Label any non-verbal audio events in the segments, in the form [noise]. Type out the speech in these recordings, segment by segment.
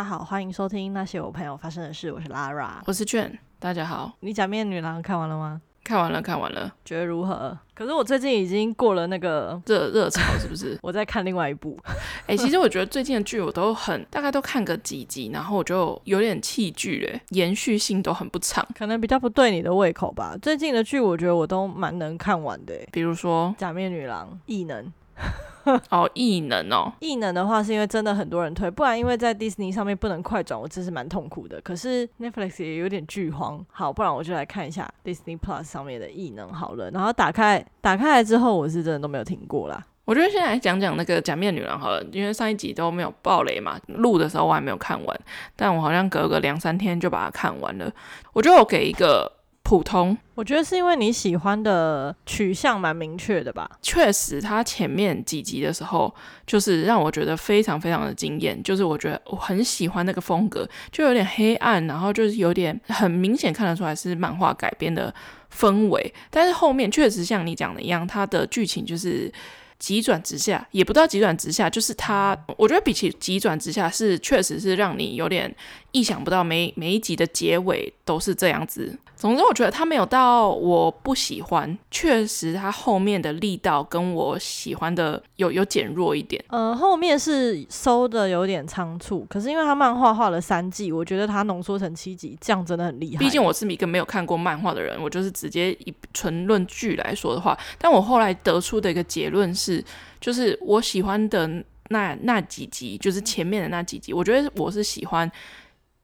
大家好，歡迎收聽那些我朋友發生的事。我是 Lara，我是 Jane。大家好，你假面女郎看完了嗎？看完了，看完了。覺得如何？可是我最近已經過了那個熱熱潮，是不是？ [laughs] 我在看另外一部。哎、 [laughs] 欸，其實我覺得最近的劇我都很大概都看個幾集， [laughs] 然後我就有點棄劇嘞，延續性都很不長，可能比較不對你的胃口吧。最近的劇我覺得我都蠻能看完的，比如說假面女郎、異能。 [laughs] [laughs] 哦，異能哦，異能的話是因為真的很多人推，不然因為在 Disney 上面不能快轉，我真是蠻痛苦的。可是 Netflix 也有點劇荒，好，不然我就來看一下 Disney Plus 上面的異能好了。然後打開打開來之後，我是真的都沒有聽過啦。我覺得先來講講那個假面女郎好了，因為上一集都沒有爆雷嘛，錄的時候我還沒有看完，但我好像隔個兩三天就把它看完了。我就給一個。普通，我覺得是因為你喜歡的取向蠻明確的吧。確實，他前面幾集的時候，就是讓我覺得非常非常的驚艷。就是我覺得我很喜歡那個風格，就有點黑暗，然後就是有點很明顯看得出來是漫畫改編的氛圍。但是後面確實像你講的一樣，它的劇情就是。急轉直下，也不到急轉直下，就是他，我覺得比起急轉直下是，是確實是讓你有點意想不到。每每一集的結尾都是這樣子。總之，我覺得他沒有到我不喜歡。確實，他後面的力道跟我喜歡的有有減弱一點。呃，後面是收的有點倉促，可是因為他漫畫畫了三季，我覺得他濃縮成七集，這樣真的很厲害。畢竟我是一個沒有看過漫畫的人，我就是直接以純論劇來說的話，但我後來得出的一個結論是。是，就是我喜歡的那那幾集，就是前面的那幾集，我覺得我是喜歡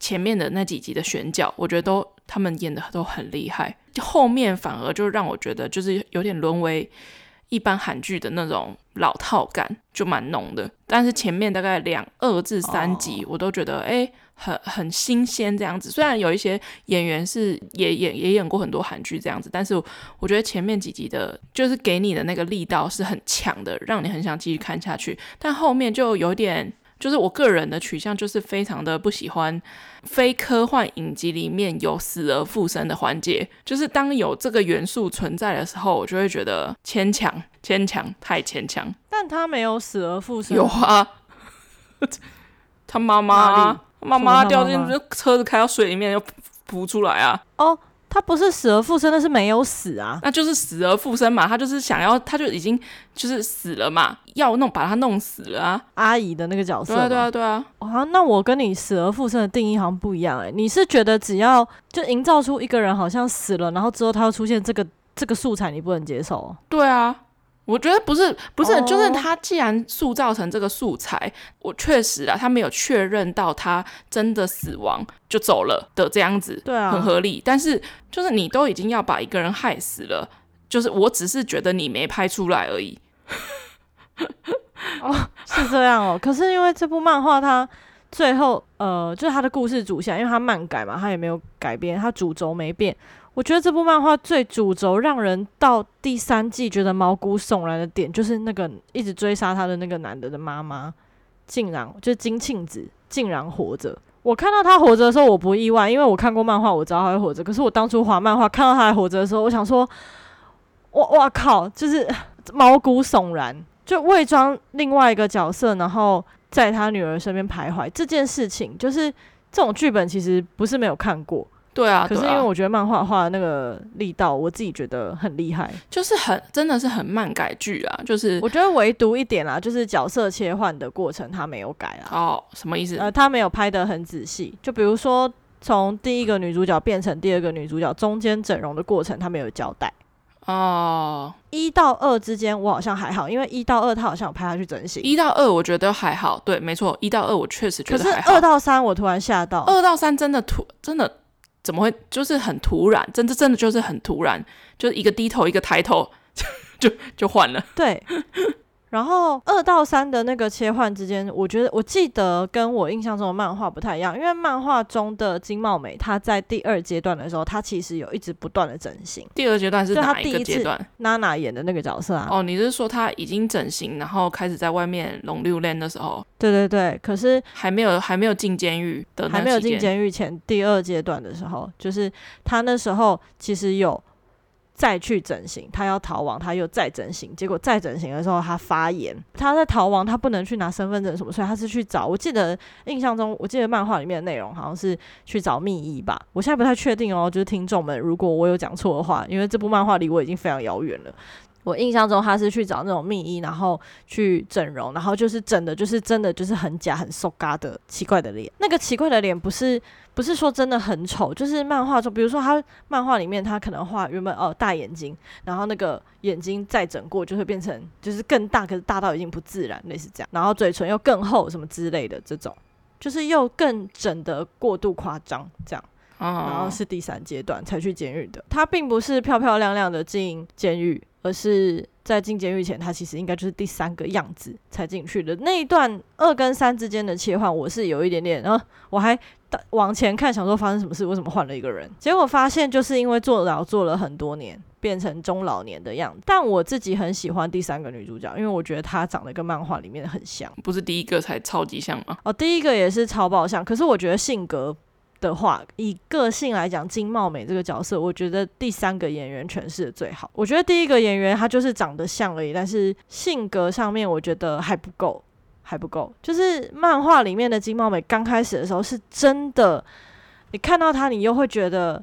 前面的那幾集的選角，我覺得都他們演的都很厲害，後面反而就讓我覺得就是有點淪為一般韓劇的那種老套感，就蠻濃的。但是前面大概兩二至三集，我都覺得哎。很很新鮮這樣子，雖然有一些演員是也演也,也演過很多韓劇這樣子，但是我覺得前面幾集的，就是給你的那個力道是很強的，讓你很想繼續看下去。但後面就有點，就是我個人的取向就是非常的不喜歡非科幻影集裡面有死而復生的環節，就是當有這個元素存在的時候，我就會覺得牽強，牽強，太牽強。但他沒有死而復生，有啊， [laughs] 他媽媽媽。媽媽掉進去，車子開到水裡面又浮出來啊！哦，他不是死而復生，那是沒有死啊！那就是死而復生嘛，他就是想要，他就已經就是死了嘛，要弄把他弄死了啊！阿姨的那個角色，對啊對啊對啊！啊，那我跟你死而復生的定義好像不一樣欸，你是覺得只要就營造出一個人好像死了，然後之後他又出現這個這個素材，你不能接受啊？對啊。我覺得不是，不是，oh. 就是他既然塑造成這個素材，我確實啊，他沒有確認到他真的死亡就走了的這樣子，對啊，很合理。但是就是你都已經要把一個人害死了，就是我只是覺得你沒拍出來而已。哦，oh, [laughs] 是這樣哦、喔。可是因為這部漫畫它最後呃，就是它的故事主線，因為它漫改嘛，它也沒有改變，它主軸沒變。我覺得這部漫畫最主軸讓人到第三季覺得毛骨悚然的點，就是那個一直追殺他的那個男的的媽媽，竟然就是金慶子竟然活着。我看到他活着的時候，我不意外，因為我看過漫畫，我知道他還活着。可是我當初滑漫畫看到他還活着的時候，我想說，哇哇靠，就是毛骨悚然。就偽裝另外一個角色，然後在他女兒身邊徘徊這件事情，就是這種劇本其實不是沒有看過。對啊，可是因為我覺得漫畫畫的那個力道，我自己覺得很厲害，啊、就是很真的是很漫改劇啊，就是我覺得唯獨一點啊，就是角色切換的過程他沒有改啊。哦，什麼意思？呃，他沒有拍得很仔細，就比如說從第一個女主角變成第二個女主角，中間整容的過程他沒有交代。哦，一到二之間我好像還好，因為一到二他好像有拍他去整形。一到二我覺得還好，對，沒錯，一到二我確實覺得還好，可是二到三我突然嚇到，二到三真的突真的。怎麼會？就是很突然，真的真的就是很突然，就是一個低頭，一個抬頭，就就就換了。對。 [laughs] 然後二到三的那個切換之間，我覺得我記得跟我印象中的漫畫不太一樣，因為漫畫中的金茂美她在第二階段的時候，她其實有一直不斷的整形。第二階段是哪一個階段？娜娜演的那個角色啊？哦，你是說她已經整形，然後開始在外面濃六鏈的時候？對對對，可是還沒有還沒有進監獄的，還沒有進監獄前第二階段的時候，就是她那時候其實有。再去整形，他要逃亡，他又再整形，結果再整形的時候他發炎。他在逃亡，他不能去拿身份證什麼，所以他是去找。我記得印象中，我記得漫畫裡面的內容好像是去找密醫吧。我現在不太確定哦，就是聽眾們，如果我有講錯的話，因為這部漫畫離我已經非常遙遠了。我印象中他是去找那種密醫，然後去整容，然後就是整的，就是真的就是很假、很瘦、so、嘎的奇怪的臉。那個奇怪的臉不是不是說真的很醜，就是漫畫中，比如說他漫畫裡面他可能畫原本哦，大眼睛，然後那個眼睛再整過就會變成就是更大，可是大到已經不自然，類似這樣。然後嘴唇又更厚什麼之類的這種，就是又更整的過度誇張這樣。好然後是第三階段才去監獄的，他並不是漂漂亮亮的進監獄。而是在進監獄前，他其實應該就是第三個樣子才進去的。那一段二跟三之間的切換，我是有一點點，然後我還到往前看，想說發生什麼事，為什麼換了一個人？結果發現就是因為坐牢坐了很多年，變成中老年的樣子。但我自己很喜歡第三個女主角，因為我覺得她長得跟漫畫裡面的很像，不是第一個才超級像嗎？啊？哦，第一個也是超爆像，可是我覺得性格。的話，以個性來講，金茂美這個角色，我覺得第三個演員詮釋的最好。我覺得第一個演員他就是長得像而已，但是性格上面我覺得還不夠，還不夠。就是漫畫裡面的金茂美剛開始的時候是真的，你看到他，你又會覺得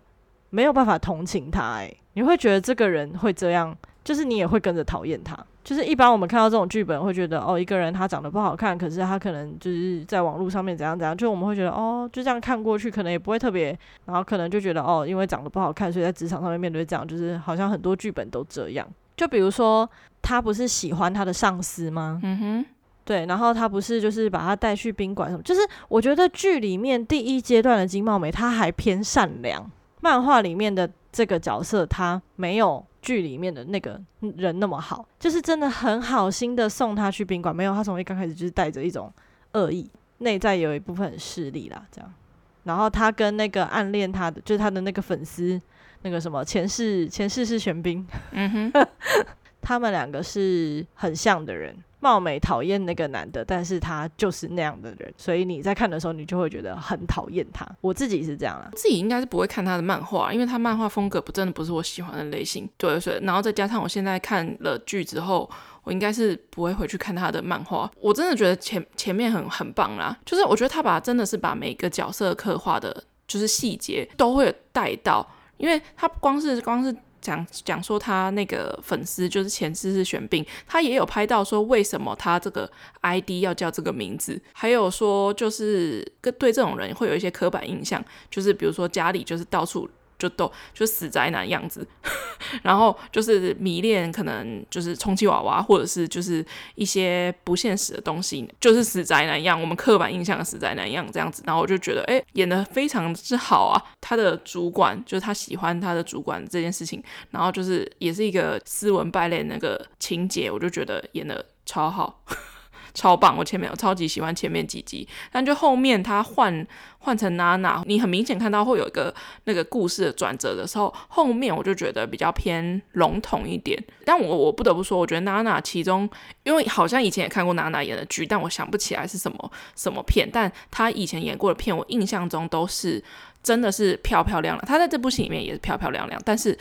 沒有辦法同情他，欸，哎，你會覺得這個人會這樣，就是你也會跟着討厭他。就是一般我們看到這種劇本，會覺得哦，一個人他長得不好看，可是他可能就是在網絡上面怎樣怎樣，就我們會覺得哦，就這樣看過去可能也不會特別，然後可能就覺得哦，因為長得不好看，所以在職場上面面對這樣，就是好像很多劇本都這樣。就比如說他不是喜歡他的上司嗎？嗯哼，對，然後他不是就是把他帶去賓館什麼？就是我覺得劇裡面第一階段的金茂美他還偏善良，漫畫裡面的這個角色他沒有。劇裡面的那個人那麼好，就是真的很好心的送他去賓館，沒有他從一剛開始就是帶着一種惡意，內在有一部分勢利啦，這樣。然後他跟那個暗戀他的，就是他的那個粉絲，那個什麼前世，前世是玄彬。嗯哼 [laughs] 他們兩個是很像的人，貌美討厭那個男的，但是他就是那樣的人，所以你在看的時候，你就會覺得很討厭他。我自己是這樣啊，自己應該是不會看他的漫畫，因為他漫畫風格不真的不是我喜歡的類型。對，所以然後再加上我現在看了劇之後，我應該是不會回去看他的漫畫。我真的覺得前前面很很棒啦，就是我覺得他把真的是把每個角色刻畫的，就是細節都會有帶到，因為他不光是光是。光是講講說他那個粉絲就是前世是玄彬，他也有拍到說為什麼他這個 ID 要叫這個名字，還有說就是跟對這種人會有一些刻板印象，就是比如說家裡就是到處。就逗，就死宅男樣子， [laughs] 然後就是迷戀，可能就是充氣娃娃，或者是就是一些不現實的東西，就是死宅男樣，我們刻板印象的死宅男樣這樣子。然後我就覺得，哎，演得非常之好啊！他的主管就是他喜歡他的主管這件事情，然後就是也是一個斯文敗類那個情節，我就覺得演得超好。超棒！我前面我超級喜歡前面幾集，但就後面他換換成娜娜，你很明顯看到會有一個那個故事的轉折的時候，後面我就覺得比較偏籠統一點。但我我不得不說，我覺得娜娜其中，因為好像以前也看過娜娜演的劇，但我想不起來是什麼什麼片。但她以前演過的片，我印象中都是真的是漂漂亮亮。她在這部戲裡面也是漂漂亮亮，但是。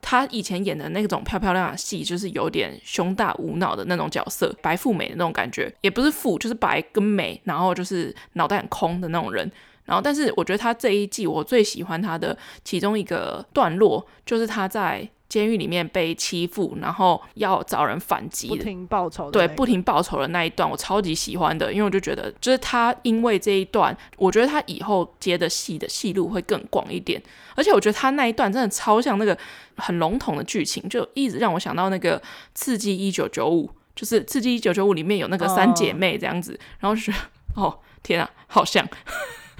她以前演的那種漂漂亮亮的戲，就是有點胸大無腦的那種角色，白富美的那種感覺，也不是富，就是白跟美，然後就是腦袋很空的那種人。然後，但是我覺得她這一季我最喜歡她的其中一個段落，就是她在。監獄裡面被欺負，然後要找人反擊，不停報仇的那個，對，不停報仇的那一段，我超級喜歡的，因為我就覺得，就是他因為這一段，我覺得他以後接的戲的戲路會更廣一點。而且我覺得他那一段真的超像那個很籠統的劇情，就一直讓我想到那個《刺激一九九五》，就是《刺激一九九五》裡面有那個三姐妹這樣子，oh. 然後就是哦天啊，好像。 [laughs]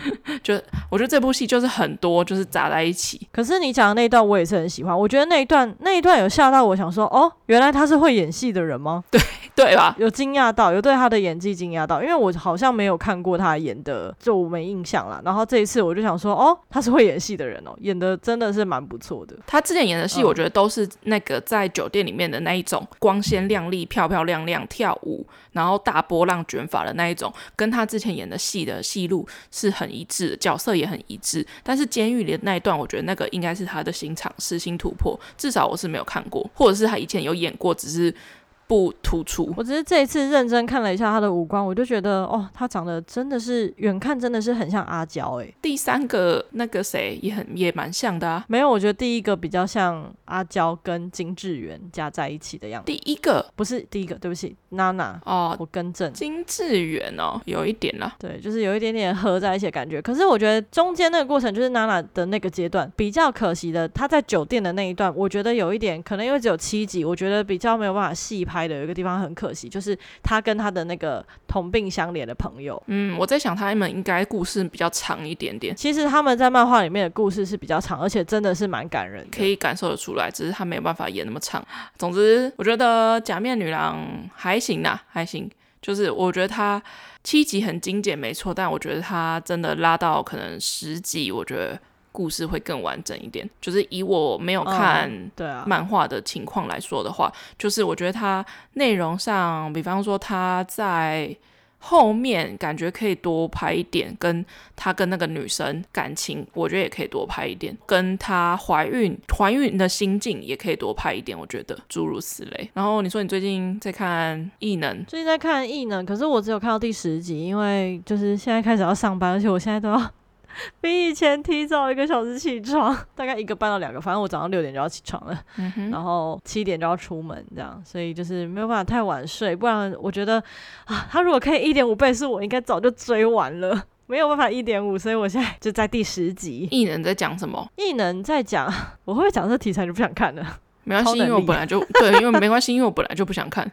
[laughs] 就我覺得這部戲就是很多就是雜在一起，可是你講的那一段我也是很喜歡，我覺得那一段，那一段有嚇到我想說，哦，原來他是會演戲的人嗎？對。對吧？有驚訝到，有對他的演技驚訝到，因為我好像沒有看過他演的，就我沒印象了。然後這一次我就想說，哦，他是會演戲的人哦，演的真的是蠻不錯的。他之前演的戲，我覺得都是那個在酒店裡面的那一種光鮮亮麗、漂漂亮亮跳舞，然後大波浪捲髮的那一種，跟他之前演的戲的戲路是很一致，角色也很一致。但是監獄裡的那一段，我覺得那個應該是他的新嘗試、新突破，至少我是沒有看過，或者是他以前有演過，只是。不突出。我只是這一次認真看了一下他的五官，我就覺得哦，他長得真的是遠看真的是很像阿嬌哎、欸。第三個那個誰也很也蠻像的、啊。沒有，我覺得第一個比較像阿嬌跟金智媛加在一起的樣子。第一個不是第一個，對不起，娜娜哦，我更正。金智媛哦，有一點啦、啊，對，就是有一點點合在一起的感覺。可是我覺得中間那個過程就是娜娜的那個階段比較可惜的，她在酒店的那一段，我覺得有一點可能因為只有七集，我覺得比較沒有辦法細拍。拍的有一個地方很可惜，就是他跟他的那個同病相憐的朋友。嗯，我在想他們應該故事比較長一點點。其實他們在漫畫裡面的故事是比較長，而且真的是蠻感人，可以感受得出來。只是他沒有辦法演那麼長。總之，我覺得假面女郎還行啦，還行。就是我覺得他七集很精簡，沒錯。但我覺得他真的拉到可能十集，我覺得。故事會更完整一點。就是以我沒有看對啊漫畫的情況來說的話，嗯啊、就是我覺得它內容上，比方說他在後面感覺可以多拍一點，跟他跟那個女生感情，我覺得也可以多拍一點，跟他懷孕懷孕的心境也可以多拍一點，我覺得諸如此類。然後你說你最近在看異能，最近在看異能，可是我只有看到第十集，因為就是現在開始要上班，而且我現在都要，比以前提早一個小時起床，大概一個半到兩個，反正我早上六點就要起床了，嗯、哼然後七點就要出門，這樣，所以就是沒有辦法太晚睡，不然我覺得啊，他如果可以一點五倍速，我應該早就追完了，沒有辦法一點五，所以我現在就在第十集。異能在講什麼？異能在講，我會不會講這題材就不想看了？沒關係，因為我本來就對，因為沒關係， [laughs] 因為我本來就不想看，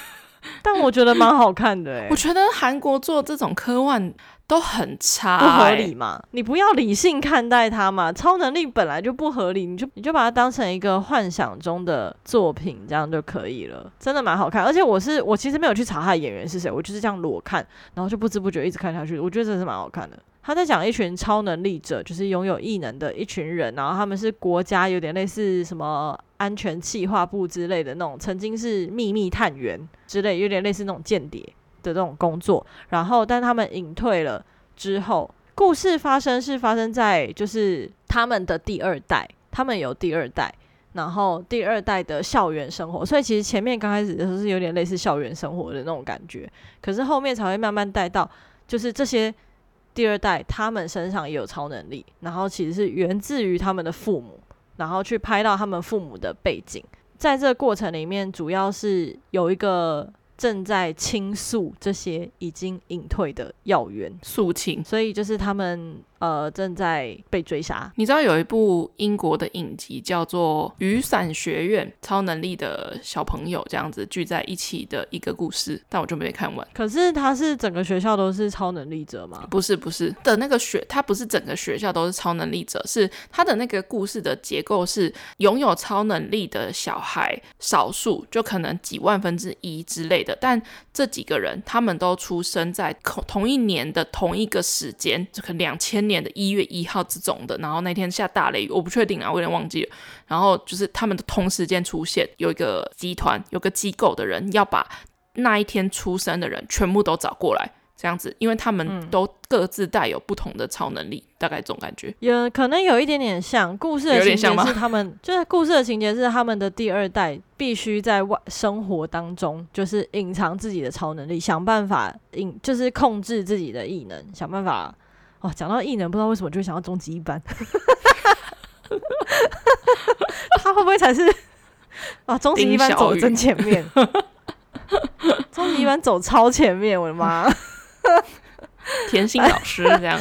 [laughs] 但我覺得蠻好看的、欸、我覺得韓國做這種科幻。都很差，欸，不合理嘛？你不要理性看待它嘛。超能力本來就不合理，你就你就把它當成一個幻想中的作品，這樣就可以了。真的蠻好看，而且我是我其實沒有去查他的演員是誰，我就是這樣裸看，然後就不知不覺一直看下去。我覺得真的是蠻好看的。他在講一群超能力者，就是擁有異能的一群人，然後他們是國家有點類似什麼安全企劃部之類的那種，曾經是秘密探員之類，有點類似那種間諜的這種工作，然後，但他們隱退了之後，故事發生是發生在就是他們的第二代，他們有第二代，然後第二代的校園生活，所以其實前面剛開始的時候是有點類似校園生活的那種感覺，可是後面才會慢慢帶到，就是這些第二代他們身上也有超能力，然後其實是源自於他們的父母，然後去拍到他們父母的背景，在這個過程裡面，主要是有一個。正在傾訴這些已經隱退的要員肅清，所以就是他們。呃，正在被追殺。你知道有一部英國的影集叫做《雨傘學院》，超能力的小朋友這樣子聚在一起的一個故事，但我就沒看完。可是他是整個學校都是超能力者嗎？不是，不是，不是的那個學，他不是整個學校都是超能力者，是他的那個故事的結構是擁有超能力的小孩少數，就可能幾萬分之一之類的。但這幾個人他們都出生在同同一年的同一個時間，就可能兩千年。的一月一號之中的，然後那天下大雷雨，我不確定啊，我有點忘記了。然後就是他們的同時間出現有，有一個集團，有個機構的人要把那一天出生的人全部都找過來，這樣子，因為他們都各自帶有不同的超能力，嗯、大概這種感覺。有可能有一點點像故事的情節是他們，就是故事的情節是他們的第二代必須在外生活當中，就是隱藏自己的超能力，想辦法隱，就是控制自己的異能，想辦法、啊。哇，講到異能，不知道為什麼就想到終極一班。 [laughs] [laughs] 他會不會才是啊？終極一班走真前面，終極小 [laughs] 一班走超前面，我的媽！甜 [laughs] 心老師這樣，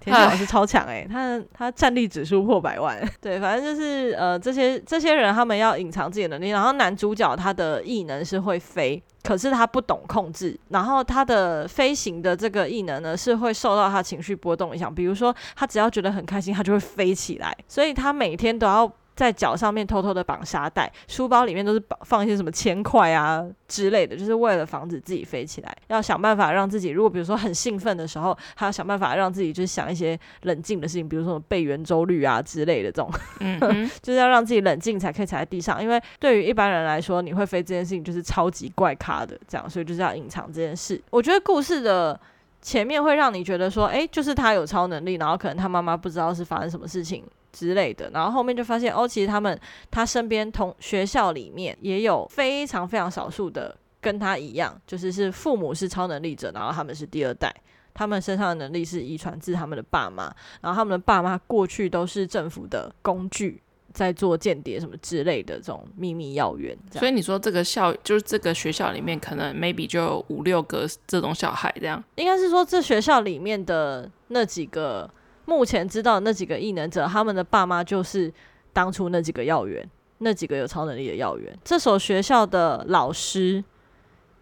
甜心、 [laughs] 啊、老師超強哎、欸，唉他他戰力指數破百萬。對，反正就是呃，這些這些人他們要隱藏自己的能力，然後男主角他的異能是會飛。可是他不懂控制，然後他的飛行的這個異能呢，是會受到他情緒波動影響。比如說，他只要覺得很開心，他就會飛起來，所以他每天都要。在腳上面偷偷的綁沙袋，書包裡面都是放一些什麼鉛塊啊之類的，就是為了防止自己飛起來。要想辦法讓自己，如果比如說很興奮的時候，還要想辦法讓自己就是想一些冷靜的事情，比如說什麼背圓周率啊之類的這種，嗯嗯 [laughs] 就是要讓自己冷靜才可以踩在地上。因為對於一般人來說，你會飛這件事情就是超級怪咖的這樣，所以就是要隱藏這件事。我覺得故事的。前面會讓你覺得說，誒，就是他有超能力，然後可能他媽媽不知道是發生什麼事情之類的，然後後面就發現，哦，其實他們他身邊同學校裡面也有非常非常少數的跟他一樣，就是是父母是超能力者，然後他們是第二代，他們身上的能力是遺傳自他們的爸媽，然後他們的爸媽過去都是政府的工具。在做間諜什麼之類的這種秘密要員，所以你說這個校就是這個學校裡面可能 maybe 就有五六個這種小孩這樣，應該是說這學校裡面的那幾個目前知道那幾個異能者，他們的爸媽就是當初那幾個要員，那幾個有超能力的要員，這所學校的老師，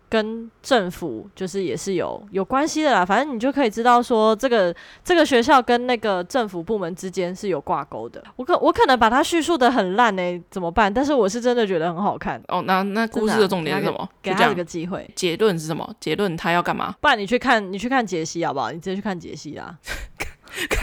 跟政府就是也是有有關係的啦，反正你就可以知道說這個這個學校跟那個政府部門之間是有掛鈎的。我可我可能把它敘述得很爛哎、欸，怎麼辦？但是我是真的覺得很好看。哦，那那故事的重點是什麼？啊、給、給他一個機會。結論是什麼？結論他要幹嘛？不然你去看你去看解析好不好？你直接去看解析啦。 [laughs]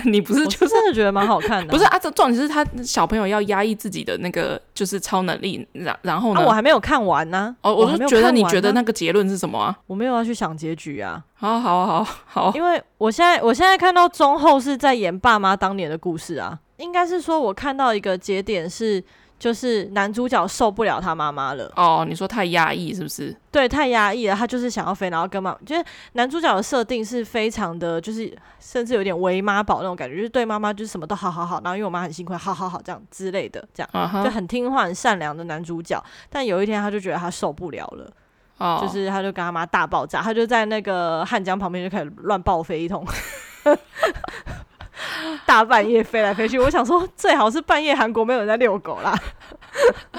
你不是就我是真的覺得蠻好看的、啊， [laughs] 不是啊？這重點是他小朋友要壓抑自己的那個，就是超能力，然然後呢、啊？那我還沒有看完呢、啊。哦，我是覺得你覺得那個結論是什麼啊？我沒有要去想結局啊。好好好好，好因為我現在我現在看到中後是在演爸媽當年的故事啊，應該是說我看到一個節點是。就是男主角受不了他媽媽了哦，oh, 你說太壓抑是不是？對，太壓抑了。他就是想要飛，然後跟媽，覺得男主角的設定是非常的，就是甚至有點為媽寶那種感覺，就是對媽媽就是什麼都好好好，然後因為我媽很辛苦，好好好這樣之類的，這樣、uh huh. 就很聽話、很善良的男主角。但有一天他就覺得他受不了了，oh. 就是他就跟他媽大爆炸，他就在那個漢江旁邊就開始亂爆飛一通。 [laughs] 大半夜飛來飛去，我想說最好是半夜韓國沒有人在遛狗啦。 [laughs]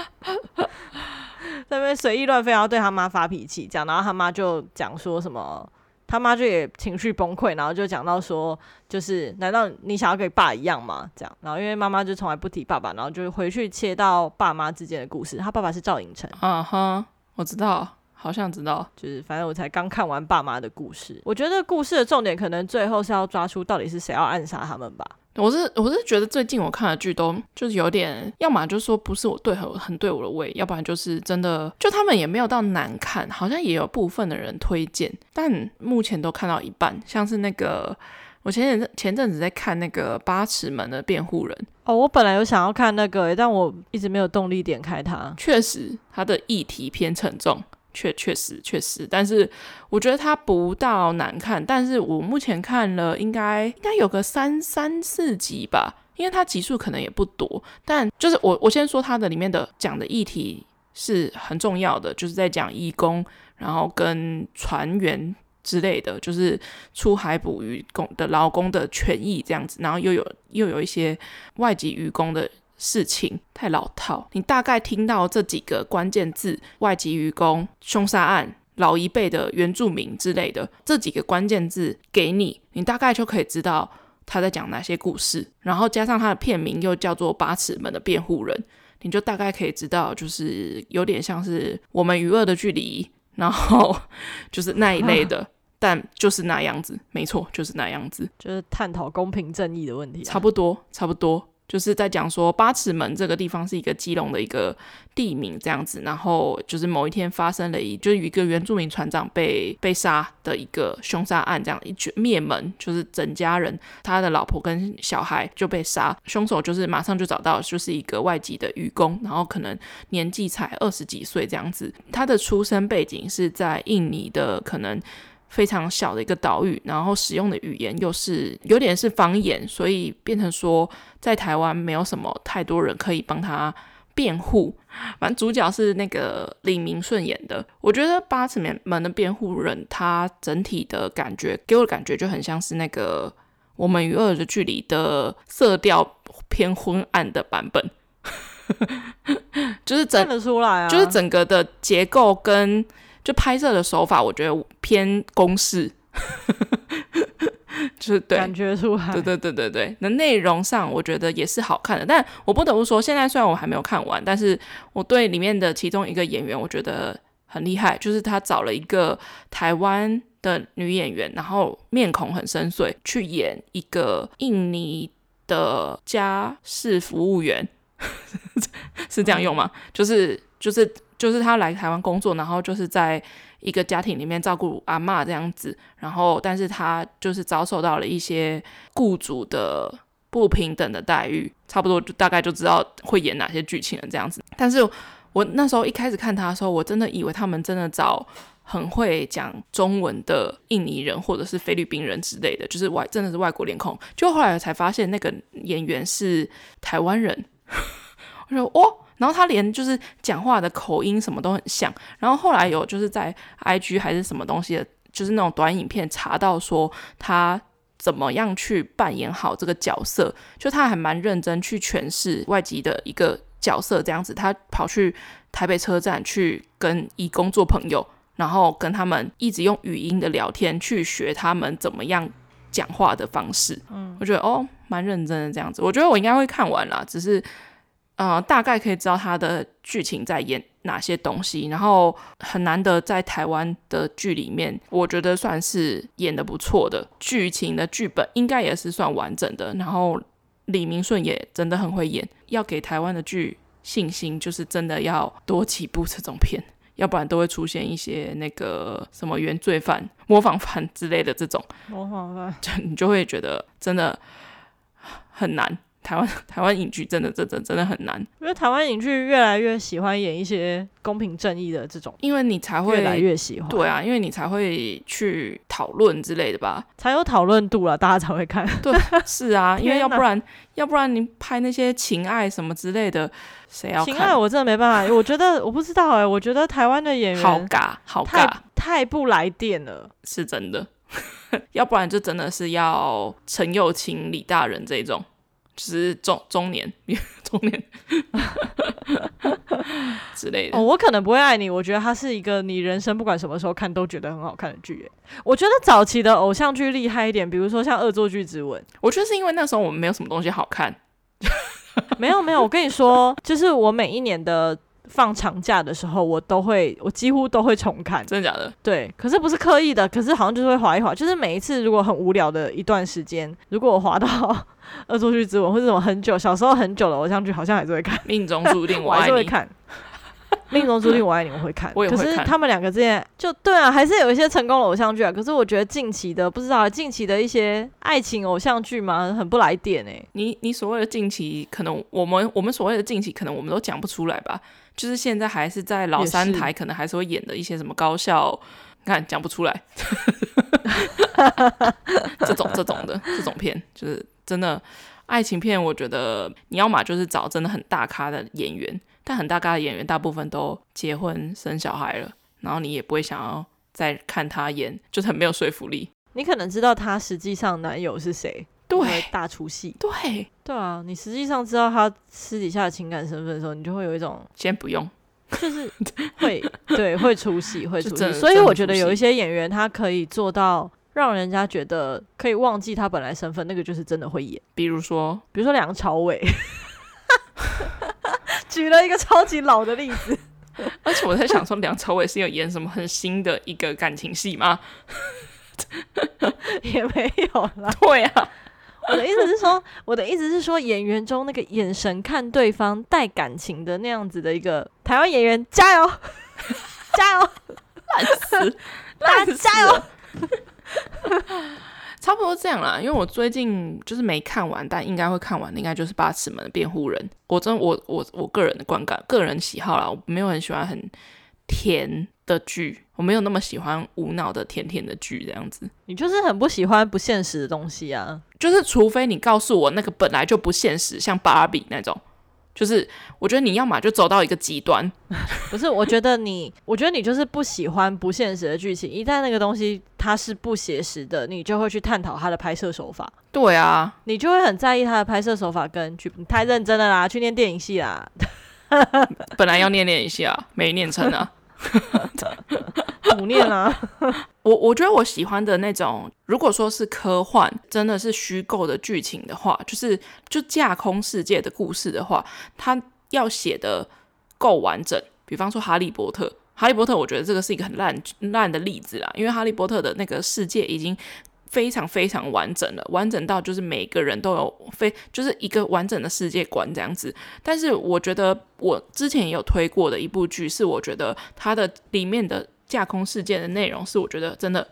[laughs] 那邊隨意亂飛，然後對他媽發脾氣，這樣，然後他媽就講說什麼，他媽就也情緒崩潰，然後就講到說，就是難道你想要跟爸一樣嗎？這樣，然後因為媽媽就從來不提爸爸，然後就回去切到爸媽之間的故事。他爸爸是趙寅成，啊哈、uh-huh, 我知道。好像知道，就是反正我才剛看完《爸媽的故事》，我覺得故事的重點可能最後是要抓出到底是誰要暗殺他們吧。我是我是覺得最近我看的劇都就是有點，要麼就說不是我對很很對我的胃，要不然就是真的就他們也沒有到難看，好像也有部分的人推薦，但目前都看到一半。像是那個我前前前陣子在看那個《八尺門的辯護人》，哦，我本來有想要看那個、欸，但我一直沒有動力點開它。確實，它的議題偏沉重。確確實確實，但是我覺得它不到難看，但是我目前看了應該應該有個三三四集吧，因為它集數可能也不多。但就是我我先說它的裡面的講的議題是很重要的，就是在講漁工，然後跟船員之類的，就是出海捕魚工的勞工的權益這樣子，然後又有又有一些外籍漁工的。事情太老套，你大概聽到這幾個關鍵字：外籍漁工、兇殺案、老一輩的原住民之類的。這幾個關鍵字給你，你大概就可以知道他在講哪些故事。然後加上他的片名又叫做《八尺門的辯護人》，你就大概可以知道，就是有點像是我們與惡的距離，然後就是那一類的。啊、但就是那樣子，沒錯，就是那樣子，就是探討公平正義的問題、啊，差不多，差不多。就是在講說八尺門這個地方是一個基隆的一個地名這樣子，然後就是某一天發生了一，就有、是、一個原住民船長被被殺的一個凶殺案，這樣一滅門，就是整家人，他的老婆跟小孩就被殺，兇手就是馬上就找到，就是一個外籍的漁工，然後可能年紀才二十幾歲這樣子，他的出生背景是在印尼的可能。非常小的一個島嶼，然後使用的語言又是有點是方言，所以變成說在台灣沒有什麼太多人可以幫他辯護。反正主角是那個李銘順演的，我覺得《八尺門門的辯護人》他整體的感覺給我的感覺就很像是那個《我們與惡的距離》的色調偏昏暗的版本， [laughs] 就是整，看得出來啊，就是整個的結構跟。就拍攝的手法，我覺得偏公式， [laughs] 就是對感覺出來，對對對對對。那內容上，我覺得也是好看的，但我不得不說，現在雖然我還沒有看完，但是我對裡面的其中一個演員，我覺得很厲害，就是他找了一個台灣的女演員，然後面孔很深邃，去演一個印尼的家事服務員， [laughs] 是這樣用嗎？就是、嗯、就是。就是就是他來台灣工作，然後就是在一個家庭裡面照顧阿嬤這樣子，然後但是他就是遭受到了一些雇主的不平等的待遇，差不多就大概就知道會演哪些劇情了這樣子。但是我那時候一開始看他的時候，我真的以為他們真的找很會講中文的印尼人或者是菲律賓人之類的，就是外真的是外國臉孔。就後來才發現那個演員是台灣人，我說哦。然後他連就是講話的口音什麼都很像。然後後來有就是在 IG 還是什麼東西的，就是那種短影片，查到說他怎麼樣去扮演好這個角色，就他還蠻認真去詮釋外籍的一個角色這樣子。他跑去台北車站去跟移工做朋友，然後跟他們一直用語音的聊天去學他們怎麼樣講話的方式。嗯，我覺得哦蠻認真的這樣子。我覺得我應該會看完啦，只是。啊、呃，大概可以知道他的劇情在演哪些東西，然後很難得在台灣的劇裡面，我覺得算是演得不錯的，劇情的劇本應該也是算完整的。然後李明順也真的很會演，要給台灣的劇信心，就是真的要多幾部這種片，要不然都會出現一些那個什麼原罪犯、模仿犯之類的這種模仿犯就，你就會覺得真的很難。台灣台灣影劇真的真的真的很難，因為台灣影劇越來越喜歡演一些公平正義的這種，因為你才會越來越喜歡，對啊，因為你才會去討論之類的吧，才有討論度啦，大家才會看。對，是啊， [laughs] 哪因為要不然要不然你拍那些情愛什麼之類的，誰要看情愛？我真的沒辦法，我覺得我不知道哎、欸，我覺得台灣的演員 [laughs] 好尬，好尬，太不來電了，是真的。 [laughs] 要不然就真的是要程又青、李大仁這種。就是中中年， [laughs] 中年 [laughs] [laughs] 之類的。Oh, 我可能不會愛你。我覺得它是一個你人生不管什麼時候看都覺得很好看的劇。我覺得早期的偶像劇厲害一點，比如說像《惡作劇之吻》。我覺得是因為那時候我們沒有什麼東西好看。 [laughs] [laughs] 沒有沒有，我跟你說，就是我每一年的。放長假的時候，我都會，我幾乎都會重看，真的假的？對，可是不是刻意的，可是好像就是會劃一劃，就是每一次如果很無聊的一段時間，如果我劃到《惡作劇之吻》或者什麼很久，小時候很久的偶像劇，好像還是會看，命中注定我愛你， [laughs] 我還是會看，命中注定我愛你，我會看。我也會看。可是他們兩個之間，就對啊，還是有一些成功的偶像劇啊。可是我覺得近期的不知道、啊，近期的一些愛情偶像劇嘛，很不來電誒、欸。你你所謂的近期，可能我們我們所謂的近期，可能我們都講不出來吧。就是現在還是在老三台，可能還是會演的一些什麼高校，是看講不出來， [laughs] 這種這種的 [laughs] 這種片，就是真的愛情片。我覺得你要嘛就是找真的很大咖的演員，但很大咖的演員大部分都結婚生小孩了，然後你也不會想要再看他演，就是、很沒有說服力。你可能知道他實際上男友是誰。對大出戲，對對啊，你實際上知道他私底下的情感身份的時候，你就會有一種先不用，就是會 [laughs] 對會出戲會出戲，出戲，所以我覺得有一些演員他可以做到讓人家覺得可以忘記他本來身份，那個就是真的會演。比如說比如說梁朝偉， [laughs] 舉了一個超級老的例子。而且我在想說梁朝偉是有演什麼很新的一個感情戲嗎？ [laughs] 也沒有啦。對啊。 [laughs] 我的意思是說，我的意思是說，演員中那個眼神看對方帶感情的那樣子的一個台灣演員，加油，加油，爛 [laughs] 死，爛， [laughs] 加油， [laughs] 差不多這樣啦。因為我最近就是沒看完，但應該會看完，應該就是《八尺門的辯護人》。我真我我我個人的觀感，個人喜好啦，我沒有很喜歡很甜的劇，我沒有那麼喜歡無腦的甜甜的劇這樣子。你就是很不喜歡不現實的東西啊。就是，除非你告訴我那個本來就不現實，像芭比那種，就是我覺得你要嘛就走到一個極端，不是？我覺得你，我覺得你就是不喜歡不現實的劇情。一旦那個東西它是不寫實的，你就會去探討它的拍攝手法。對啊，你就會很在意它的拍攝手法跟劇。太認真了啦，去念電影系啦。 [laughs] 本來要念電影系啊，沒念成啊。苦 [laughs] 念啊 [laughs] 我！我我覺得我喜歡的那種，如果說是科幻，真的是虛構的劇情的話，就是就架空世界的故事的話，它要寫的夠完整。比方說哈《哈利波特》，《哈利波特》我覺得這個是一個很爛爛的例子啦，因為《哈利波特》的那個世界已經。非常非常完整的，完整到就是每個人都有非就是一個完整的世界觀這樣子。但是我覺得我之前也有推過的一部劇，是我覺得它的裡面的架空世界的內容是我覺得真的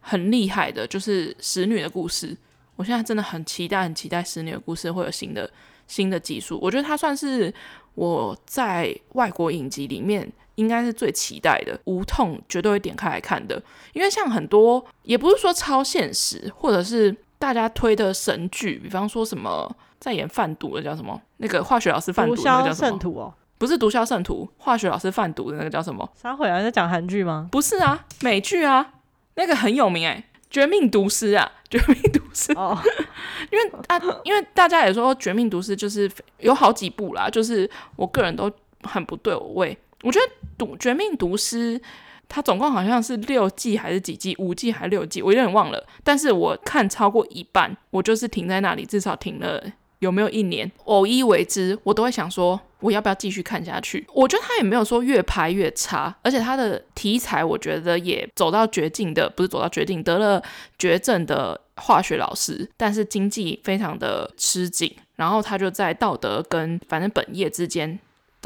很厲害的，就是《使女的故事》。我現在真的很期待，很期待《使女的故事》會有新的新的技術。我覺得它算是我在外國影集裡面。應該是最期待的，無痛絕對會點開來看的。因為像很多也不是說超現實，或者是大家推的神劇，比方說什麼在演販毒的叫什麼，那個化學老師販毒的那個叫什麼？不是毒梟聖徒，化學老師販毒的那個叫什麼？啥鬼、哦、啊？在講韓劇嗎？不是啊，美劇啊，那個很有名哎、欸，絕命毒師啊《絕命毒師》哦、 [laughs] 啊，《絕命毒師》哦，因為啊，因為大家也說《絕命毒師》就是有好幾部啦，就是我個人都很不對我味。我覺得毒，《絕命毒師》它總共好像是六季還是幾季，五季還是六季，我有點忘了。但是我看超過一半，我就是停在那裡，至少停了有沒有一年。偶一為之，我都會想說，我要不要繼續看下去？我覺得他也沒有說越拍越差，而且他的題材我覺得也走到絕境的，不是走到絕境，得了絕症的化學老師，但是經濟非常的吃緊，然後他就在道德跟反正本業之間。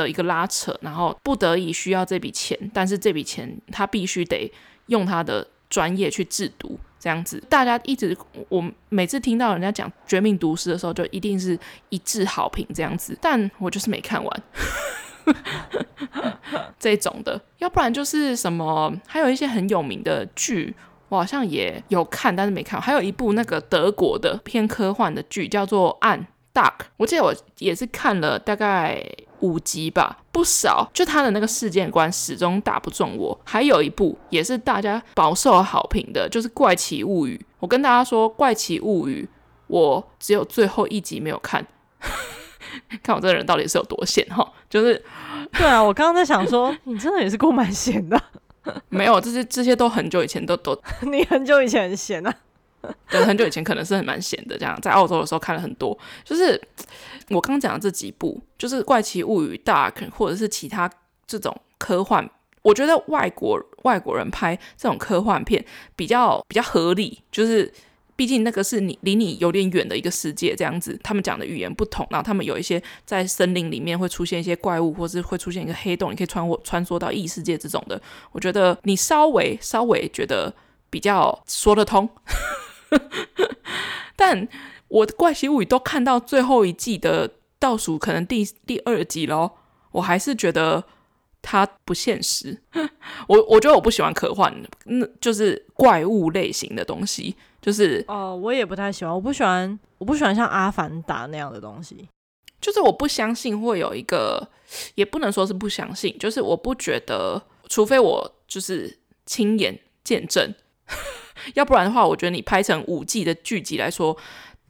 的一個拉扯，然後不得已需要這筆錢，但是這筆錢他必須得用他的專業去制毒，這樣子。大家一直，我每次聽到人家講《絕命毒師》的時候，就一定是一致好評這樣子，但我就是沒看完 [laughs] 這種的。要不然就是什麼，還有一些很有名的劇，我好像也有看，但是沒看。還有一部那個德國的偏科幻的劇，叫做《暗》（Dark）。我記得我也是看了大概。五集吧，不少。就他的那個世界觀始終打不中我。還有一部也是大家飽受好評的，就是《怪奇物語》。我跟大家說，《怪奇物語》，我只有最後一集沒有看。 [laughs] 看我這個人到底是有多閒哈、哦？就是，對啊，我剛剛在想說， [laughs] 你真的也是夠蠻閒的。 [laughs] 沒有，這些這些都很久以前都都。都你很久以前很閒啊？等 [laughs] 很久以前可能是很蠻閒的，這樣在澳洲的時候看了很多，就是。我剛講的這幾部就是《怪奇物語》Dark，或者是其他這種科幻，我覺得外國外國人拍這種科幻片比較比較合理，就是畢竟那個是你離你有點遠的一個世界，這樣子他們講的語言不同，然後他們有一些在森林裡面會出現一些怪物，或是會出現一個黑洞，你可以穿過穿梭到異世界這種的，我覺得你稍微稍微覺得比較說得通， [laughs] 但。我的《怪奇物語》都看到最後一季的倒數，可能第第二集咯。我還是覺得它不現實。 [laughs] 我我覺得我不喜歡科幻，那就是怪物類型的東西。就是哦、呃，我也不太喜歡。我不喜歡，我不喜歡像《阿凡達》那樣的東西。就是我不相信會有一個，也不能說是不相信，就是我不覺得，除非我就是親眼見證， [laughs] 要不然的話，我覺得你拍成五季的劇集來說。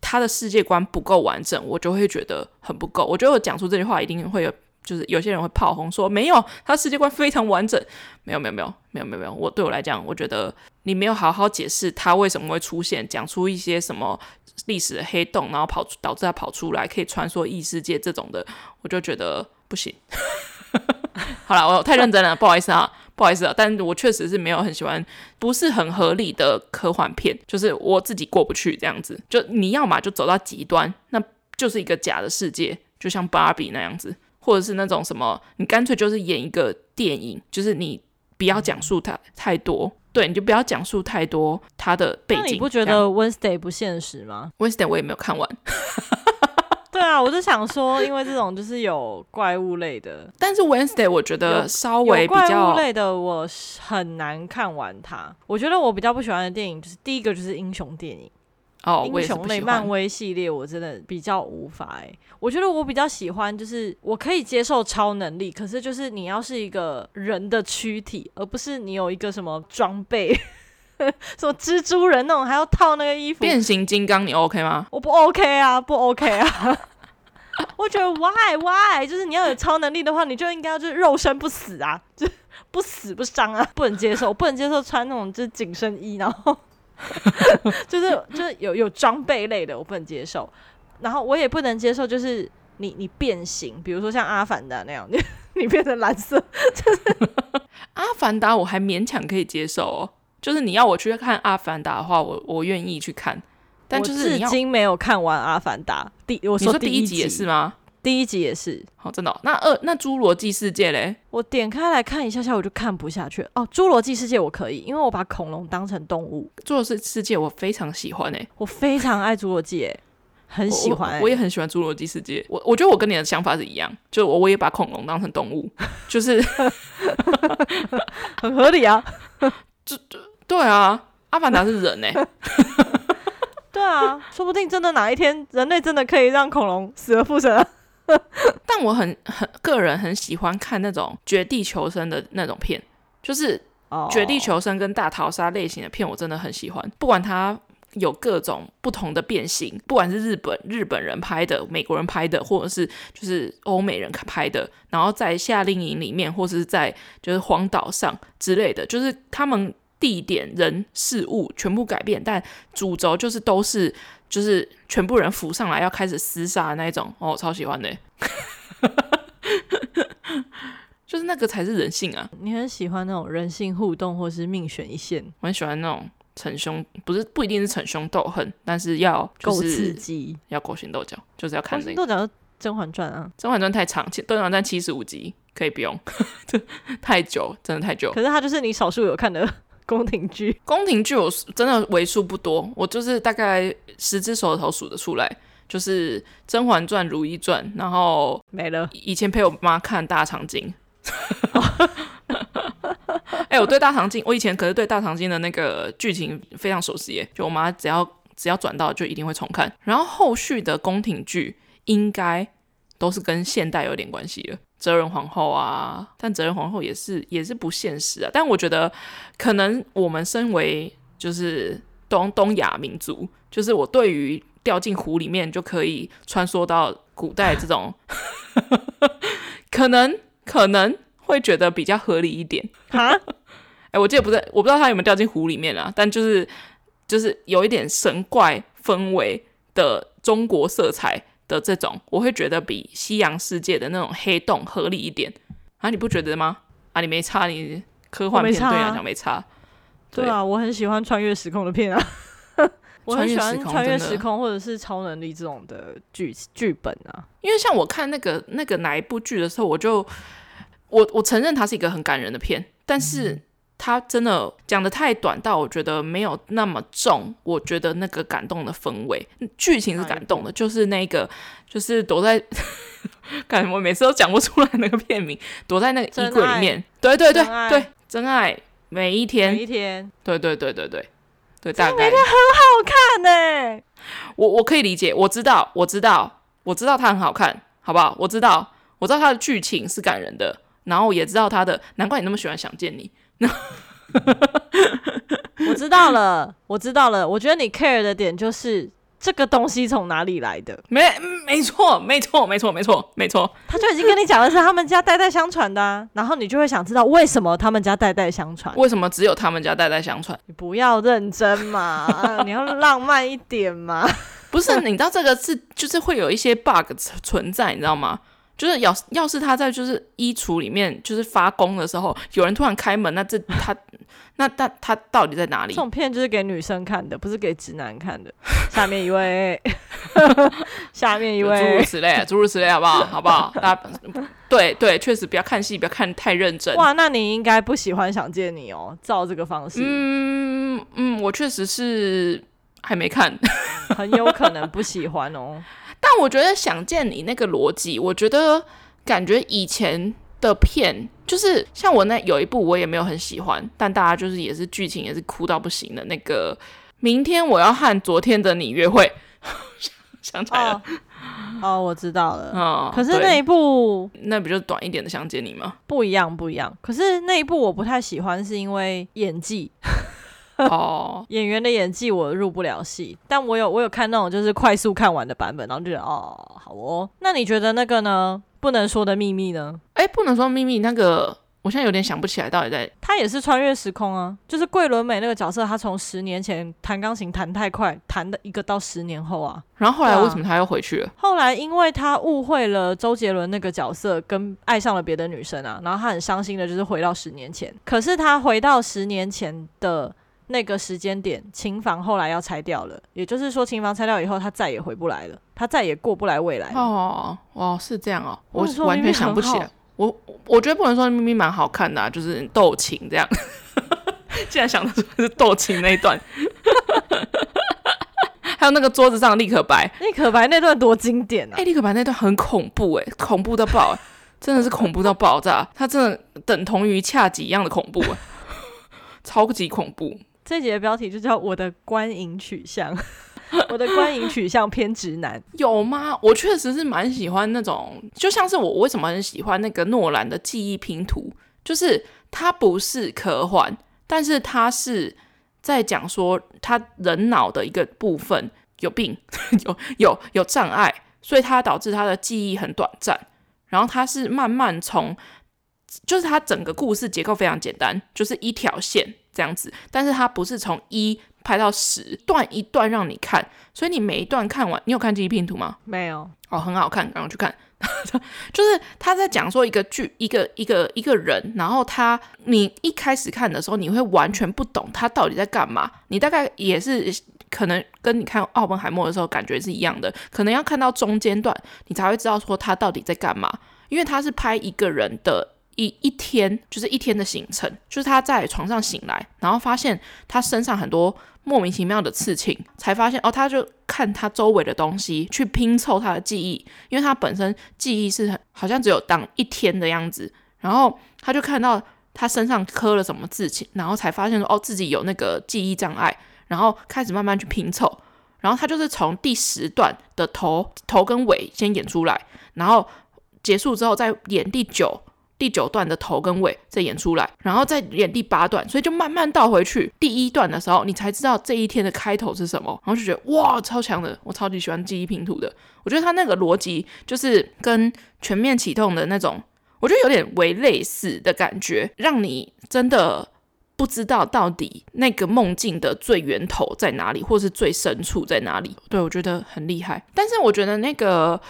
他的世界觀不夠完整，我就會覺得很不夠。我覺得我講出這句話，一定會有，就是有些人會炮轟說，沒有，他的世界觀非常完整。沒有，沒有，沒有，沒有，沒有，沒有。我對我來講，我覺得你沒有好好解釋他為什麼會出現，講出一些什麼歷史的黑洞，然後跑導致他跑出來，可以穿梭異世界這種的，我就覺得不行。 [laughs] 好了，我太認真了， [laughs] 不好意思啊。不好意思啊，但是我確實是沒有很喜歡，不是很合理的科幻片，就是我自己過不去這樣子。就你要嘛就走到極端，那就是一個假的世界，就像芭比那樣子，或者是那種什麼，你乾脆就是演一個電影，就是你不要講述太太多，對，你就不要講述太多它的背景。你不覺得 Wednesday 不現實嗎？Wednesday 我也沒有看完。 [laughs] [laughs] 對啊，我就想說，因為這種就是有怪物類的，但是 Wednesday 我覺得稍微比較怪物類的，我很難看完它。 [laughs] 我覺得我比較不喜歡的電影就是第一個就是英雄電影，哦，oh, 英雄類漫威系列我真的比較無法、欸。哎，我覺得我比較喜歡就是我可以接受超能力，可是就是你要是一個人的軀體，而不是你有一個什麼裝備。 [laughs] 什麼蜘蛛人那種還要套那個衣服？變形金剛你 OK 嗎？我不 OK 啊，不 OK 啊！ [laughs] 我覺得 why why 就是你要有超能力的話，你就應該要就是肉身不死啊，就不死不傷啊，不能接受，不能接受穿那種就是緊身衣，然後 [laughs] 就是就是有有裝備類的，我不能接受。然後我也不能接受，就是你你變形，比如說像阿凡達那樣，你你變成藍色，就是、 [laughs] 阿凡達我還勉強可以接受哦。就是你要我去看《阿凡達》的話，我我願意去看，但就是你至今沒有看完《阿凡達》第，我說第一集，第一集也是嗎？第一集也是，好、哦、真的、哦。那二那《侏羅紀世界》嘞？我點開來看一下下，我就看不下去哦，《侏羅紀世界》我可以，因為我把恐龍當成動物。侏羅紀世界，我非常喜歡哎、欸，我非常愛《侏羅紀》哎，很喜歡、欸我我。我也很喜歡《侏羅紀世界》我。我我覺得我跟你的想法是一樣，就我我也把恐龍當成動物，就是 [laughs] 很合理啊， [laughs] 對啊，阿凡達是人呢、欸。 [laughs] [laughs] 對啊，說不定真的哪一天人類真的可以讓恐龍死而復生。 [laughs] 但我很很個人很喜歡看那種絕地求生的那種片，就是絕地求生跟大逃殺類型的片，我真的很喜歡。Oh. 不管它有各種不同的變形，不管是日本日本人拍的、美國人拍的，或者是就是歐美人拍的，然後在夏令營裡面，或者是在就是荒島上之類的，就是他們。地點、人、事物全部改變，但主軸就是都是就是全部人浮上來要開始廝殺那一種哦，我超喜歡的， [laughs] 就是那個才是人性啊！你很喜歡那種人性互動，或是命懸一線，我很喜歡那種逞兇，不是不一定是逞兇鬥狠，但是要夠、就是、刺激，要勾心鬥角，就是要看那個鬥角，《甄嬛傳》啊，啊《甄嬛傳》太長，《甄嬛傳》七十五集可以不用， [laughs] 太久，真的太久。可是它就是你少數有看的。宮廷劇，宮廷劇我是真的為數不多，我就是大概十隻手指頭數得出來，就是《甄嬛傳》、《如懿傳》，然後沒了。以前陪我媽看大《大長今》，哎，我對《大長今》，我以前可是對《大長今》的那個劇情非常熟悉耶，就我媽只要只要轉到，就一定會重看。然後後續的宮廷劇應該都是跟現代有點關係的。哲仁皇後啊，但哲仁皇後也是也是不現實啊。但我覺得，可能我們身為就是東東亞民族，就是我對於掉進湖裡面就可以穿梭到古代這種， [laughs] 可能可能會覺得比較合理一點哈。哎，我記得不對，我不知道他有沒有掉進湖裡面啊。但就是就是有一點神怪氛圍的中國色彩。的這種，我會覺得比西洋世界的那種黑洞合理一點啊！你不覺得嗎？啊，你沒差，你科幻片對啊，沒差對。對啊，我很喜歡穿越時空的片啊， [laughs] 我很喜歡穿越時空或者是超能力這種的劇劇真的本啊。因為像我看那個那個哪一部劇的時候我，我就我我承認它是一個很感人的片，但是。嗯他真的講的太短，但我覺得沒有那麼重。我覺得那個感動的氛圍，劇情是感動的，就是那個就是躲在幹什麼？ [laughs] 我每次都講不出來那個片名，躲在那個衣櫃裡面。對愛對對對，真愛每一天，每一天，對對對對對對，大概每天很好看哎、欸。我我可以理解，我知道，我知道，我知道他很好看，好不好？我知道，我知道他的劇情是感人的，然後我也知道他的，難怪你那麼喜歡想見你。 [laughs] [laughs] 我知道了，我知道了。我覺得你 care 的點就是這個東西從哪裡來的？沒，沒錯，沒錯，沒錯，沒錯，沒錯。他就已經跟你講的是他們家代代相傳的、啊， [laughs] 然後你就會想知道為什麼他們家代代相傳？為什麼只有他們家代代相傳？你不要認真嘛、 [laughs] 啊，你要浪漫一點嘛？ [laughs] 不是，你知道這個是就是會有一些 bug 存在，你知道嗎？就是要要是他在就是衣櫥裡面就是發功的時候，有人突然開門，那這他那他他到底在哪裡？這種片就是給女生看的，不是給直男看的。下面一位， [laughs] [laughs] 下面一位，諸如此類，諸 [laughs] 如此類，好不好？好不好？大家對對，確實不要看戲，不要看太認真。哇，那你應該不喜歡想見你哦，照這個方式。嗯嗯，我確實是還沒看，很有可能不喜歡哦。 [laughs] 但我覺得《想見你》那個邏輯，我覺得感覺以前的片就是像我那有一部我也沒有很喜歡，但大家就是也是劇情也是哭到不行的那個《明天我要和昨天的你約會》想，想起來了哦，哦，我知道了，哦，可是那一部那比較短一點的，《想見你》嗎？不一樣，不一樣。可是那一部我不太喜歡，是因為演技。哦， [laughs] 演員的演技我入不了戲，但我有我有看那種就是快速看完的版本，然後就覺得哦，好哦。那你覺得那個呢？不能說的秘密呢？誒、欸，不能說的秘密那個，我現在有點想不起來到底在。他也是穿越時空啊，就是桂綸鎂那個角色，他從十年前彈鋼琴彈太快彈的一個到十年後啊。然後後來為什麼他又回去了？啊、後來因為他誤會了周杰倫那個角色跟愛上了別的女生啊，然後他很傷心的就是回到十年前。可是他回到十年前的。那個時間點，琴房後來要拆掉了，也就是說，琴房拆掉以後，他再也回不來了，他再也過不來未來了。哦哦，哦，哦，是這樣哦，說我完全想不起。我我覺得不能說秘密蠻好看的，啊，就是鬥琴這樣。 [laughs] 竟然想得出是鬥琴那一段。 [laughs] [laughs] 還有那個桌子上的立可白，立可白那段多經典啊！哎，欸，立可白那段很恐怖哎，欸，恐怖到爆，欸、 [laughs] 真的是恐怖到爆炸，它真的等同於恰吉一樣的恐怖，欸， [laughs] 超級恐怖。這節的標題就叫我的觀影取向， [laughs] 我的觀影取向偏直男 [laughs] 有嗎？我確實是蠻喜歡那種，就像是我為什麼很喜歡那個諾蘭的《記憶拼圖》，就是它不是科幻，但是它是在講說他人腦的一個部分有病，有有有障礙，所以他導致他的記憶很短暫，然後他是慢慢從，就是他整個故事結構非常簡單，就是一條線。這樣子，但是它不是從一拍到十，段一段讓你看，所以你每一段看完，你有看記憶拼圖嗎？沒有，哦，很好看，然後去看， [laughs] 就是他在講說一個劇，一個一個一個人，然後他，你一開始看的時候，你會完全不懂他到底在幹嘛，你大概也是可能跟你看奧本海默的時候感覺是一樣的，可能要看到中間段，你才會知道說他到底在幹嘛，因為他是拍一個人的。一一天就是一天的行程，就是他在床上醒來，然後發現他身上很多莫名其妙的刺青，才發現哦，他就看他周圍的東西去拼湊他的記憶，因為他本身記憶是很好像只有當一天的樣子，然後他就看到他身上刻了什麼字，然後才發現說哦，自己有那個記憶障礙，然後開始慢慢去拼湊，然後他就是從第十段的頭頭跟尾先演出來，然後結束之後再演第九。第九段的頭跟尾再演出來，然後再演第八段，所以就慢慢倒回去。第一段的時候，你才知道這一天的開頭是什麼，然後就覺得哇，超強的，我超級喜歡記憶拼圖的。我覺得他那個邏輯就是跟全面啟動的那種，我覺得有點為類似的感覺，讓你真的不知道到底那個夢境的最源頭在哪裡，或是最深處在哪裡。對我覺得很厲害，但是我覺得那個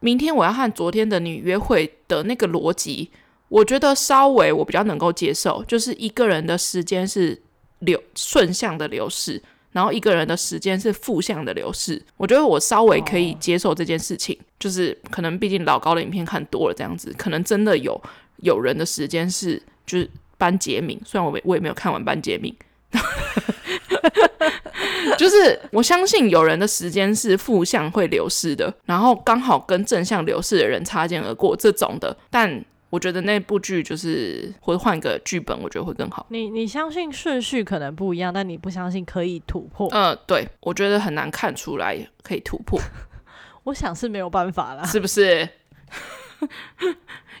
明天我要和昨天的你約會的那個邏輯。我覺得稍微我比較能夠接受，就是一個人的時間是流順向的流逝，然後一個人的時間是負向的流逝。我覺得我稍微可以接受這件事情，就是可能畢竟老高的影片看多了，這樣子可能真的有有人的時間是就是班傑明，雖然我我也沒有看完班傑明， [laughs] 就是我相信有人的時間是負向會流逝的，然後剛好跟正向流逝的人擦肩而過這種的，但。我覺得那部劇就是或者換一個劇本，我覺得會更好。你你相信順序可能不一樣，但你不相信可以突破。嗯、呃，對，我覺得很難看出來可以突破。 [laughs] 我想是沒有辦法啦，是不是？ [laughs]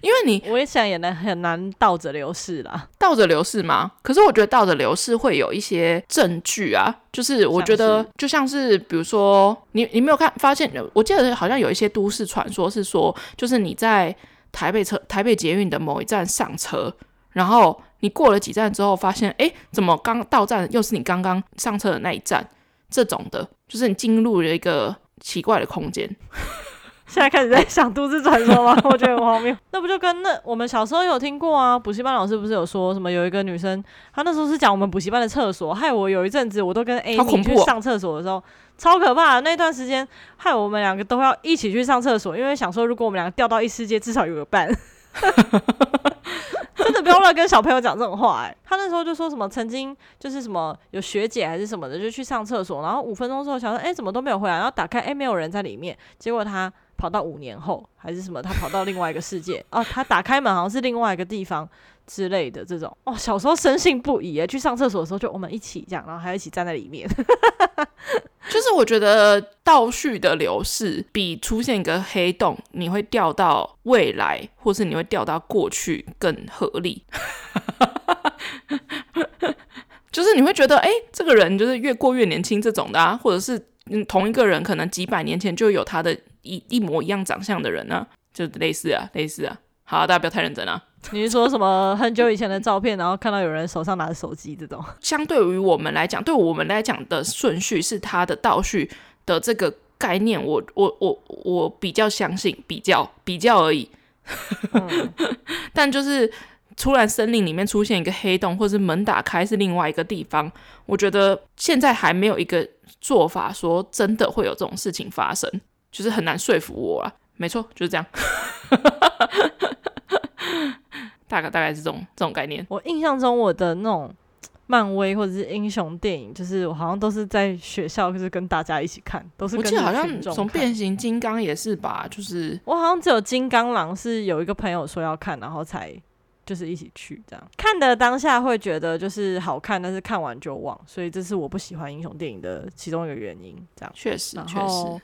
因為你我也想也能很難倒着流逝啦。倒着流逝嗎？可是我覺得倒着流逝會有一些證據啊，就是我覺得像是就像是比如說，你你沒有看發現，我記得好像有一些都市傳說是說，就是你在。台北車、台北捷運的某一站上車，然後你過了幾站之後發現，哎，怎麼剛到站又是你剛剛上車的那一站？這種的，就是你進入了一個奇怪的空間。現在開始在想都市傳說嗎？我覺得很荒謬。 [laughs] 那不就跟那我們小時候有聽過啊？補習班老師不是有說什麼？有一個女生，她那時候是講我們補習班的廁所，害我有一陣子我都跟 A、啊欸、去上廁所的時候，超可怕的。那段時間害我們兩個都要一起去上廁所，因為想說如果我們兩個掉到異世界，至少有個伴。 [laughs] [laughs] [laughs] 真的不要亂跟小朋友講這種話誒、欸，她那時候就說什麼曾經就是什麼有學姐還是什麼的，就去上廁所，然後五分鐘之後想說哎、欸、怎麼都沒有回來，然後打開哎、欸、沒有人在裡面，結果她……跑到五年後還是什麼？他跑到另外一個世界啊、 [laughs] 哦！他打開門好像是另外一個地方之類的這種哦。小時候深信不疑哎，去上廁所的時候就我們一起這樣，然後還一起站在裡面。 [laughs] 就是我覺得倒敘的流逝比出現一個黑洞，你會掉到未來，或是你會掉到過去更合理。 [laughs] [laughs] 就是你會覺得哎，這個人就是越過越年輕這種的啊，或者是同一個人可能幾百年前就有他的。一一模一樣長相的人呢、啊，就類似啊，類似啊。好啊，大家不要太認真啊。你是說什麼很久以前的照片， [laughs] 然後看到有人手上拿着手機這種？相對於我們來講，對我們來講的順序是他的倒序的這個概念。我我我我比較相信，比較比較而已。 [laughs] 嗯、但就是突然森林裡面出現一個黑洞，或者是門打開是另外一個地方，我覺得現在還沒有一個做法說真的會有這種事情發生。就是很難說服我啊，沒錯，就是這樣， [laughs] 大概大概是這種這種概念。我印象中，我的那種漫威或者是英雄電影，就是我好像都是在學校就是跟大家一起看，都是跟大家。而且好像從變形金剛也是吧，就是我好像只有金剛狼是有一個朋友說要看，然後才就是一起去這樣看的。當下會覺得就是好看，但是看完就忘，所以這是我不喜歡英雄電影的其中一個原因。這樣，確實，確實。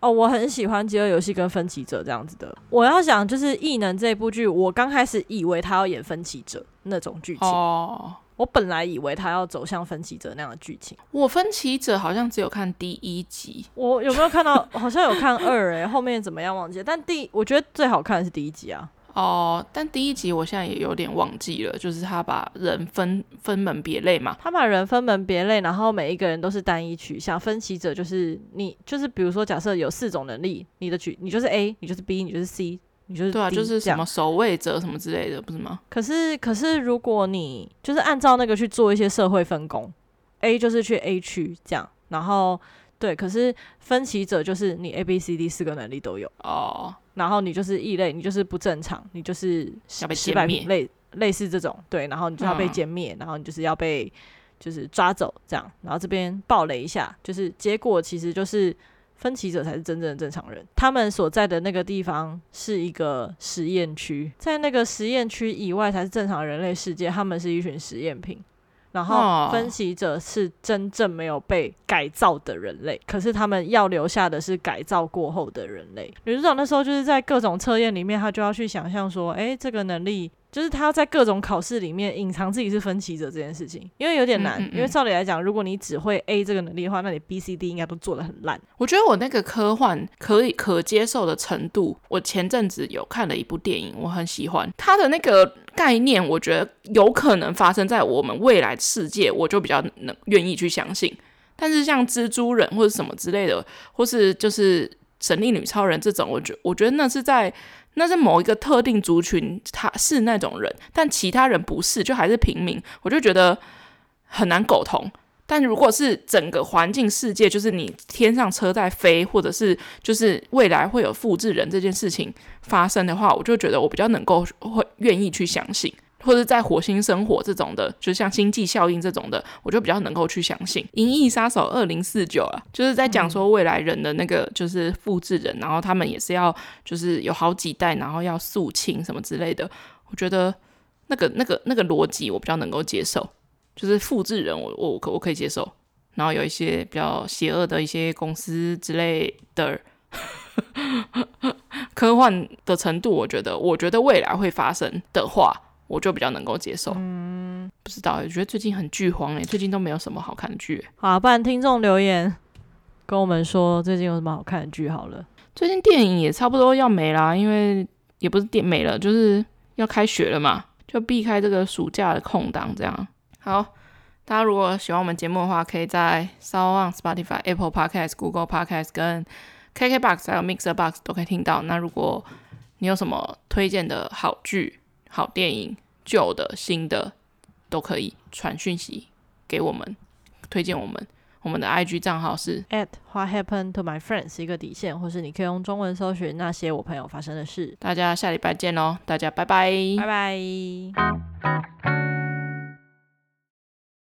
哦，我很喜歡《飢餓遊戲》跟《分歧者》這樣子的。我要想，就是《異能》這部劇，我剛開始以為他要演《分歧者》那種劇情哦。Oh. 我本來以為他要走向《分歧者》那樣的劇情。我《分歧者》好像只有看第一集，我有沒有看到？好像有看二哎、欸， [laughs] 後面怎麼樣忘記？但第我覺得最好看的是第一集啊。哦，oh, 但第一集我現在也有點忘記了，就是他把人分分門別類嘛。他把人分門別類，然後每一個人都是單一取向，像分歧者就是你，就是比如說，假設有四種能力，你的取你就是 A，你就是 B，你就是 C，你就是 D, 對啊，就是什麼守衛者什麼之類的，不是嗎？可是可是，可是如果你就是按照那個去做一些社會分工，A 就是去 A 區這樣，然後對，可是分歧者就是你 A B C D 四個能力都有哦。Oh. 然後你就是異類，你就是不正常，你就是失敗類，類似這種，對，然後你就要被殲滅，嗯、然後你就是要被就是抓走這樣，然後這邊爆雷一下，就是結果其實就是分歧者才是真正的正常人，他們所在的那個地方是一個實驗區，在那個實驗區以外才是正常人類世界，他們是一群實驗品。然後，分析者是真正沒有被改造的人類，哦、可是他們要留下的是改造過後的人類。女主角那時候就是在各種測驗裡面，他就要去想象說，哎、欸，這個能力。就是他在各種考試裡面隱藏自己是分歧者，這件事情，因為有點難。嗯嗯嗯，因為照理來講，如果你只會 A 這個能力的話，那你 B、C、D 應該都做的很爛。我覺得我那個科幻可以可以接受的程度，我前陣子有看了一部電影，我很喜歡它的那個概念，我覺得有可能發生在我們未來世界，我就比較能願意去相信。但是像蜘蛛人或者什麼之類的，或是就是神力女超人這種，我覺我覺得那是在。那是某一個特定族群，他是那種人，但其他人不是，就還是平民，我就覺得很難苟同。但如果是整個環境世界，就是你天上車在飛，或者是就是未來會有複製人這件事情發生的話，我就覺得我比較能夠會願意去相信。或者在火星生活這種的，就像星際效應這種的，我就比較能夠去相信《銀翼殺手二零四九》啊，就是在講說未來人的那個就是複製人，嗯、然後他們也是要就是有好幾代，然後要肅清什麼之類的。我覺得那個那個那個邏輯我比較能夠接受，就是複製人我我可我可以接受。然後有一些比較邪惡的一些公司之類的， [laughs] 科幻的程度，我覺得我覺得未來會發生的話。我就比較能夠接受，嗯、不知道、欸，我覺得最近很劇荒、欸、最近都沒有什麼好看的劇、欸。好、啊，不然聽眾留言跟我們說最近有什麼好看的劇好了。最近電影也差不多要沒啦，因為也不是電沒了，就是要開學了嘛，就避開這個暑假的空檔這樣。好，大家如果喜歡我們節目的話，可以在 SoundOn，Spotify，Apple Podcast，Google Podcast，跟 KKBOX 還有 MixerBox 都可以聽到。那如果你有什麼推薦的好劇，好電影，舊的、新的都可以傳訊息給我們，推薦我們。我們的 IG 賬號是 at what happened to my friends 一個底線，或是你可以用中文搜尋那些我朋友發生的事。大家下禮拜見哦，大家拜拜，拜拜。